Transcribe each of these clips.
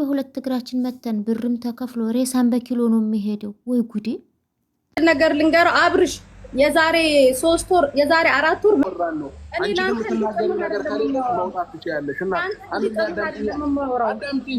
በሁለት እግራችን መተን ብርም ተከፍሎ ሬሳን በኪሎ ነው የሚሄደው። ወይ ጉዴ! ነገር ልንገር አብርሽ የዛሬ ሶስት ወር የዛሬ አራት ወር እኔ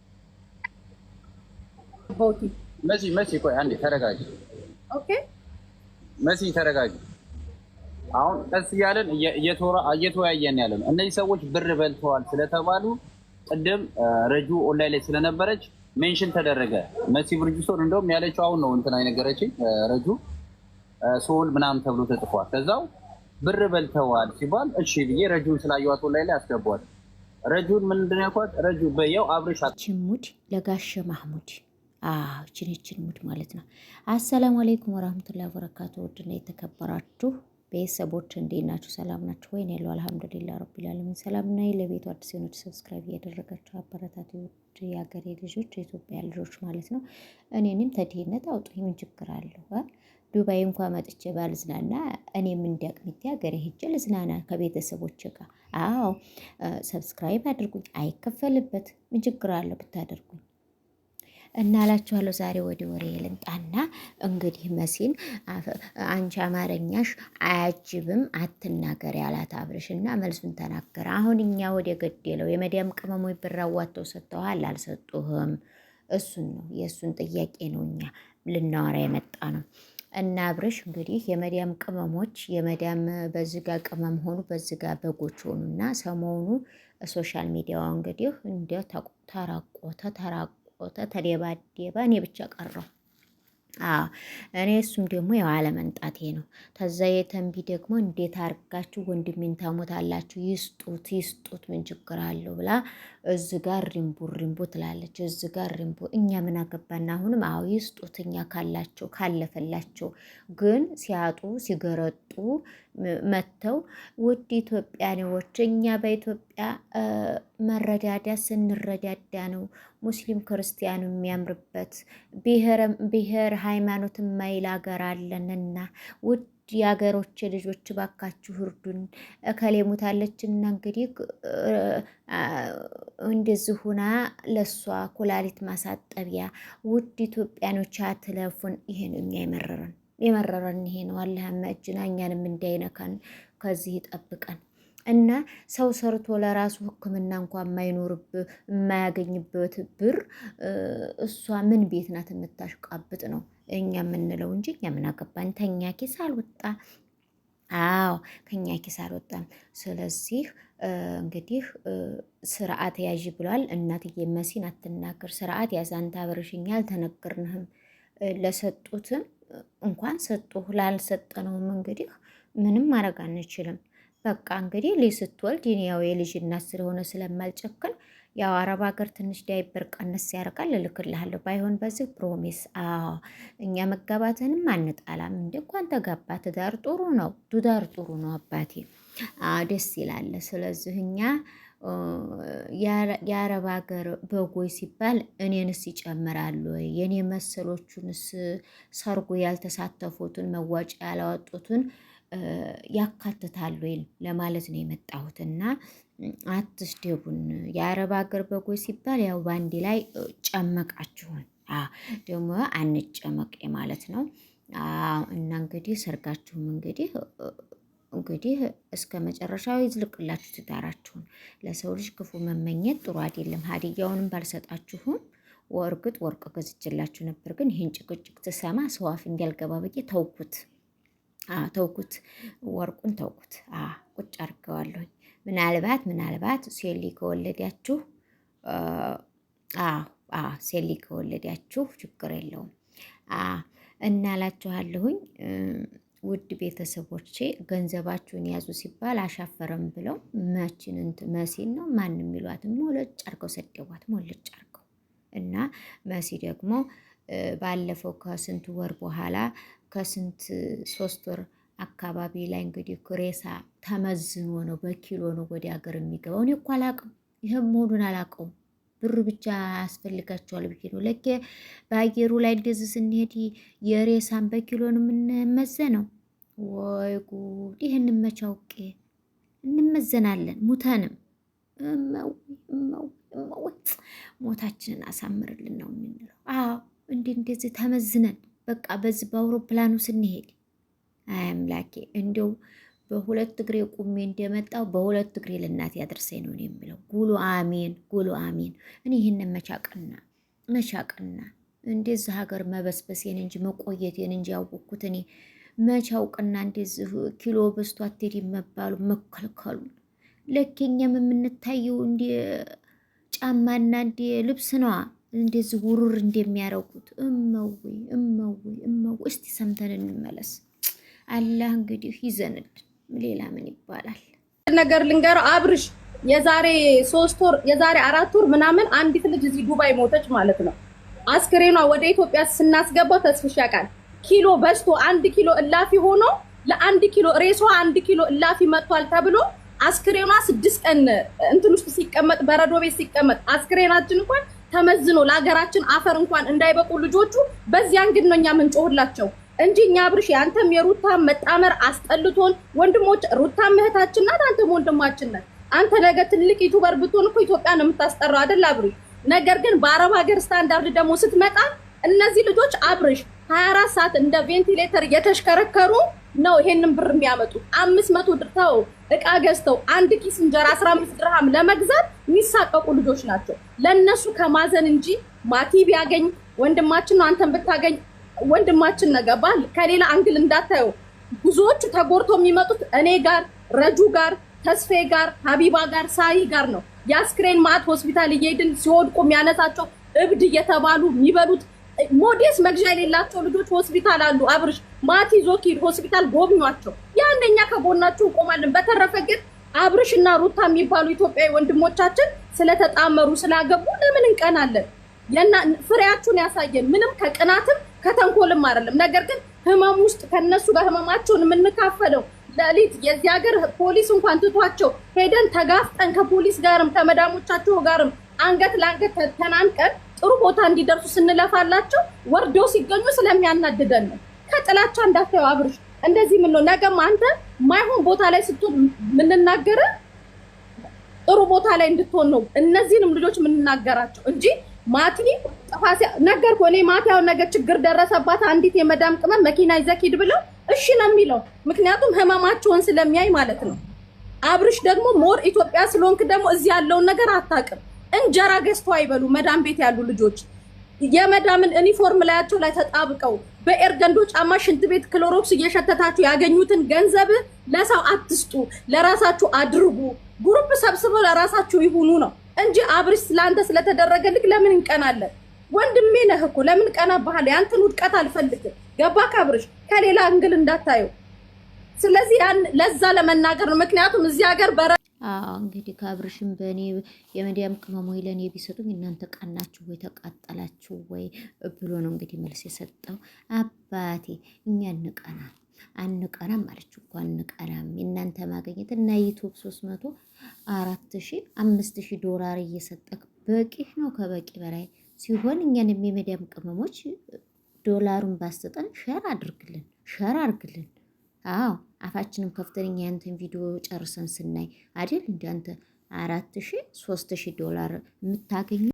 መሲ መሲ ቆይ አንዴ ተረጋጊ። ኦኬ መሲ ተረጋጊ። አሁን ቀስ እያለን እየተወያየን ያለ እነዚህ ሰዎች ብር በልተዋል ስለተባሉ ቅድም ረጁ ኦንላይን ላይ ስለነበረች ሜንሽን ተደረገ። መሲ ብርጅሶን እንደውም ያለችው አሁን ነው እንትን አይነገረችኝ ረጁ ሶል ምናምን ተብሎ ተጽፏል። ከዛው ብር በልተዋል ሲባል እሺ ብዬ ረጁን ስላየዋት ኦንላይን ላይ አስገቧል። ረጁን ምንድን ያልኳት ረጁ በየው አብርሽ ሙድ ለጋሸ ማህሙድ አዎ ይችን ሙድ ማለት ነው። አሰላሙ አለይኩም ወራህመቱላ ወበረካቱ። ውድና የተከበራችሁ ቤተሰቦች እንዴት ናችሁ? ሰላም ናችሁ ወይ? እኔ ያለው አልሐምዱሊላህ ረቢል ሰላም ነኝ። ለቤቱ አዲስ የሆነች ሰብስክራይብ እያደረጋችሁ አበረታቱ። ውድ የሀገሬ ልጆች፣ የኢትዮጵያ ልጆች ማለት ነው። እኔንም ተድህነት አውጡኝ፣ ምን ችግር አለሁ? ዱባይ እንኳ መጥቼ ባልዝናና እኔም እንዲያቅምት ሀገሬ ሄጄ ልዝናና ከቤተሰቦች ጋር። አዎ ሰብስክራይብ አድርጉኝ፣ አይከፈልበት። ምን ችግር አለው ብታደርጉኝ? እና ዛሬ ወደ ወሬ ልንጣና እንግዲህ መሲን አንቺ አማርኛሽ አያጅብም አትናገር ያላት አብርሽ እና መልሱን ተናገረ። አሁን እኛ ወደ ገደለው የመዲያም ቅመሞ ብራዋተው ሰጥተዋል አልሰጡህም? እሱን ነው የእሱን ጥያቄ ነው እኛ ልናወራ የመጣ ነው። እና አብርሽ እንግዲህ የመዲያም ቅመሞች የመዲያም በዝጋ ቅመም ሆኑ በዝጋ በጎች እና ሰሞኑ ሶሻል ሚዲያዋ እንግዲህ እንደ ተራቆተ ተራቆ ተኮተኮተ፣ ተደባደባ። እኔ ብቻ ቀረው። አዎ እኔ እሱም ደግሞ ያው አለመንጣቴ ነው። ተዛ የተንቢ ደግሞ እንዴት አርጋችሁ ወንድሜን ታሞታላችሁ? ይስጡት ይስጡት፣ ምን ችግር አለው ብላ እዚ ጋር ሪምቡ ሪምቡ ትላለች፣ እዚ ጋር ሪምቡ። እኛ ምን አገባና አሁንም፣ አዎ ይስጡት፣ እኛ ካላቸው ካለፈላቸው። ግን ሲያጡ ሲገረጡ መጥተው ውድ ኢትዮጵያኔዎች እኛ በኢትዮጵያ መረዳዳ ስንረዳዳ ነው ሙስሊም ክርስቲያኑ የሚያምርበት ብሔር ሃይማኖት የማይል ሀገር አለንና ውድ የሀገሮች ልጆች ባካችሁ እርዱን። እከሌ ሙታለችና እንግዲህ እንደዚህ ሁና ለእሷ ኩላሊት ማሳጠቢያ ውድ ኢትዮጵያኖች አትለፉን። ይሄን እኛ የመረረን የመረረን ይሄ ነው። አላህማ እጅና እኛንም እንዳይነካን ከዚህ ይጠብቀን። እና ሰው ሰርቶ ለራሱ ሕክምና እንኳ የማይኖርብ የማያገኝበት ብር እሷ ምን ቤት ናት የምታሽቃብጥ ነው እኛ የምንለው እንጂ እኛ ምን አገባን? ተኛ ኪስ አልወጣ። አዎ ከኛ ኪስ አልወጣም። ስለዚህ እንግዲህ ስርዓት ያዥ ብሏል። እናትዬ መሲን አትናገር፣ ስርዓት ያዝ። አንተ አብረሽኛል፣ አልተነገርንህም። ለሰጡትም እንኳን ሰጡ፣ ላልሰጠነውም እንግዲህ ምንም ማድረግ አንችልም። በቃ እንግዲህ ልጅ ስትወልድ ያው የልጅ እናት ስለሆነ ስለማልጨክን ያው አረብ ሀገር ትንሽ ዳይበር ቀነስ ያደርጋል። እልክልሃለሁ ባይሆን በዚህ ፕሮሚስ። አዎ እኛ መጋባትንም አንጣላም። እንደ እንኳን ተጋባ ትዳር ጥሩ ነው፣ ትዳር ጥሩ ነው አባቴ፣ ደስ ይላል። ስለዚህ እኛ የአረብ ሀገር በጎይ ሲባል እኔንስ ይጨምራሉ ወይ የእኔ መሰሎቹንስ ሰርጉ ያልተሳተፉትን መዋጫ ያላወጡትን ያካትታሉ ወይም ለማለት ነው የመጣሁት። እና አትስደቡን። የአረብ ሀገር በጎች ሲባል ያው ባንዲ ላይ ጨመቃችሁን፣ ደግሞ አንጨመቅ ማለት ነው። እና እንግዲህ ሰርጋችሁም እንግዲህ እንግዲህ እስከ መጨረሻው ይዝልቅላችሁ ትዳራችሁን። ለሰው ልጅ ክፉ መመኘት ጥሩ አይደለም። ሀዲያውንም ባልሰጣችሁም ወርግጥ ወርቅ ገዝችላችሁ ነበር፣ ግን ይህን ጭቅጭቅ ትሰማ ሰው አፍ እንዲያልገባ ብዬ ተውኩት። ተውኩት፣ ወርቁን ተውኩት፣ ቁጭ አድርገዋለሁኝ። ምናልባት ምናልባት ሴሊ ከወለዳችሁ ሴሊ ከወለዳችሁ ችግር የለውም እና ውድ ቤተሰቦቼ ገንዘባችሁን ያዙ ሲባል አሻፈረም ብለው መችን መሲን ነው ማንም የሚሏትም ሞለጭ አድርገው ሰደቧት፣ ሞለጭ አድርገው እና መሲ ደግሞ ባለፈው ከስንት ወር በኋላ ከስንት ሶስት ወር አካባቢ ላይ እንግዲህ ሬሳ ተመዝኖ ነው በኪሎ ነው ወደ ሀገር የሚገባው። እኔ እኮ አላውቅም፣ ይህም መሆኑን አላውቀውም። ብር ብቻ ያስፈልጋቸዋል ብዬ ነው ለኬ በአየሩ ላይ እንደዚህ ስንሄድ የሬሳን በኪሎ ነው የምንመዘነው። ወይ ጉድ! ይህን መቼ አውቄ እንመዘናለን። ሙተንም ሞታችንን አሳምርልን ነው የምንለው። እንዲ እንደዚህ ተመዝነን በቃ በዚህ በአውሮፕላኑ ስንሄድ አያምላኬ እንዲው በሁለት እግሬ ቁሜ እንደመጣው በሁለት እግሬ ልናት ያደርሰኝ ነው የሚለው። ጉሉ አሜን፣ ጉሉ አሜን። እኔ ይህንን መቻቅና መቻቅና እንደዚህ ሀገር መበስበሴን እንጂ መቆየቴን እንጂ ያወቅኩት እኔ መቻውቅና አውቅና እንደዚህ ኪሎ በስቶ አትሄድ የመባሉ መከልከሉ ለኬኛም የምንታየው እንደ ጫማና እንደ ልብስ ነዋ። እንደዚህ ውሩር እንደሚያረጉት እመዊ እመዊ እመዊ። እስቲ ሰምተን እንመለስ። አላህ እንግዲህ ይዘንድ። ሌላ ምን ይባላል? ነገር ልንገረው አብርሽ፣ የዛሬ ሶስት ወር የዛሬ አራት ወር ምናምን አንዲት ልጅ እዚህ ዱባይ ሞተች ማለት ነው። አስክሬኗ ወደ ኢትዮጵያ ስናስገባው ተስፍሽ ያውቃል ኪሎ በዝቶ አንድ ኪሎ እላፊ ሆኖ ለአንድ ኪሎ ሬሷ አንድ ኪሎ እላፊ መጥቷል ተብሎ አስክሬኗ ስድስት ቀን እንትን ውስጥ ሲቀመጥ በረዶ ቤት ሲቀመጥ አስክሬናችን እንኳን ተመዝኖ ለሀገራችን አፈር እንኳን እንዳይበቁ ልጆቹ በዚያን ግን ነው እኛ ምንጮህላቸው እንጂ እኛ ብርሽ የአንተም የሩታ መጣመር አስጠልቶን፣ ወንድሞች ሩታ እህታችን ናት፣ አንተም ወንድማችን ናት። አንተ ነገ ትልቅ ዩቱበር ብትሆን እኮ ኢትዮጵያን የምታስጠራው አይደል አብርሽ? ነገር ግን በአረብ ሀገር ስታንዳርድ ደግሞ ስትመጣ እነዚህ ልጆች አብርሽ 24 ሰዓት እንደ ቬንቲሌተር እየተሽከረከሩ ነው ይሄንን ብር የሚያመጡ አምስት መቶ ድርተው እቃ ገዝተው አንድ ኪስ እንጀራ አስራ አምስት ድርሃም ለመግዛት የሚሳቀቁ ልጆች ናቸው። ለእነሱ ከማዘን እንጂ ማቲ ቢያገኝ ወንድማችን ነው። አንተን ብታገኝ ወንድማችን ነገባል። ከሌላ አንግል እንዳታየው። ብዙዎቹ ተጎድቶ የሚመጡት እኔ ጋር፣ ረጁ ጋር፣ ተስፌ ጋር፣ ሀቢባ ጋር፣ ሳይ ጋር ነው። የአስክሬን ማት ሆስፒታል እየሄድን ሲወድቁ የሚያነሳቸው እብድ እየተባሉ የሚበሉት ሞዴስ መግዣ የሌላቸው ልጆች ሆስፒታል አሉ። አብርሽ ማቲ ዞኪድ ሆስፒታል ጎብኟቸው። ያንደኛ ከጎናችሁ እንቆማለን። በተረፈ ግን አብርሽ እና ሩታ የሚባሉ ኢትዮጵያዊ ወንድሞቻችን ስለተጣመሩ ስላገቡ ለምን እንቀናለን? ፍሬያችሁን ያሳየን። ምንም ከቅናትም ከተንኮልም አይደለም። ነገር ግን ህመም ውስጥ ከነሱ ጋር ህመማቸውን የምንካፈለው ለሊት የዚህ ሀገር ፖሊስ እንኳን ትቷቸው ሄደን ተጋፍጠን ከፖሊስ ጋርም ከመዳሞቻቸው ጋርም አንገት ለአንገት ተናንቀን ጥሩ ቦታ እንዲደርሱ ስንለፋላቸው ወርዶ ሲገኙ ስለሚያናድደን ነው። ከጥላቻ እንዳታዩ አብርሽ፣ እንደዚህ ምን ነው ነገም አንተ ማይሆን ቦታ ላይ ስትሆን የምንናገረ ጥሩ ቦታ ላይ እንድትሆን ነው። እነዚህንም ልጆች የምንናገራቸው እንጂ ማቲ ጥፋሴ ነገር እኔ ማቲ ያው ነገር ችግር ደረሰባት አንዲት የመዳም ቅመም መኪና ይዘህ ሂድ ብለው እሺ ነው የሚለው። ምክንያቱም ህመማቸውን ስለሚያይ ማለት ነው። አብርሽ ደግሞ ሞር ኢትዮጵያ ስለሆንክ ደግሞ እዚህ ያለውን ነገር አታውቅም። እንጀራ ገዝቶ አይበሉ። መዳም ቤት ያሉ ልጆች የመዳምን ዩኒፎርም ላያቸው ላይ ተጣብቀው በኤርገንዶ ጫማ ሽንት ቤት ክሎሮክስ እየሸተታችሁ ያገኙትን ገንዘብ ለሰው አትስጡ፣ ለራሳችሁ አድርጉ። ጉሩፕ ሰብስበው ለራሳችሁ ይሁኑ ነው እንጂ አብርሽ ለአንተ ስለተደረገልክ ለምን እንቀናለን? ወንድሜ ነህ እኮ ለምን ቀና ባህል ያንተን ውድቀት አልፈልግም። ገባ ካብርሽ፣ ከሌላ እንግል እንዳታየው። ስለዚህ ያን ለዛ ለመናገር ነው። ምክንያቱም እዚህ ሀገር በረ እንግዲህ ከአብርሽም በእኔ የመዲያም ቅመሞ ለእኔ ቢሰጡኝ እናንተ ቀናችሁ ወይ ተቃጠላችሁ ወይ ብሎ ነው እንግዲህ መልስ የሰጠው። አባቴ እኛ እንቀናም አንቀናም አለች እኮ አንቀናም። የእናንተ ማገኘት እና ዩቱብ ሶስት መቶ አራት ሺ አምስት ሺ ዶላር እየሰጠክ በቂህ ነው ከበቂ በላይ ሲሆን እኛንም የመዲያም ቅመሞች ዶላሩን ባሰጠን ሸር አድርግልን፣ ሸር አድርግልን። አዎ አፋችንን ከፍተን ያንተን ቪዲዮ ጨርሰን ስናይ አይደል እንደ አራት ሺህ ሶስት ሺህ ዶላር የምታገኘው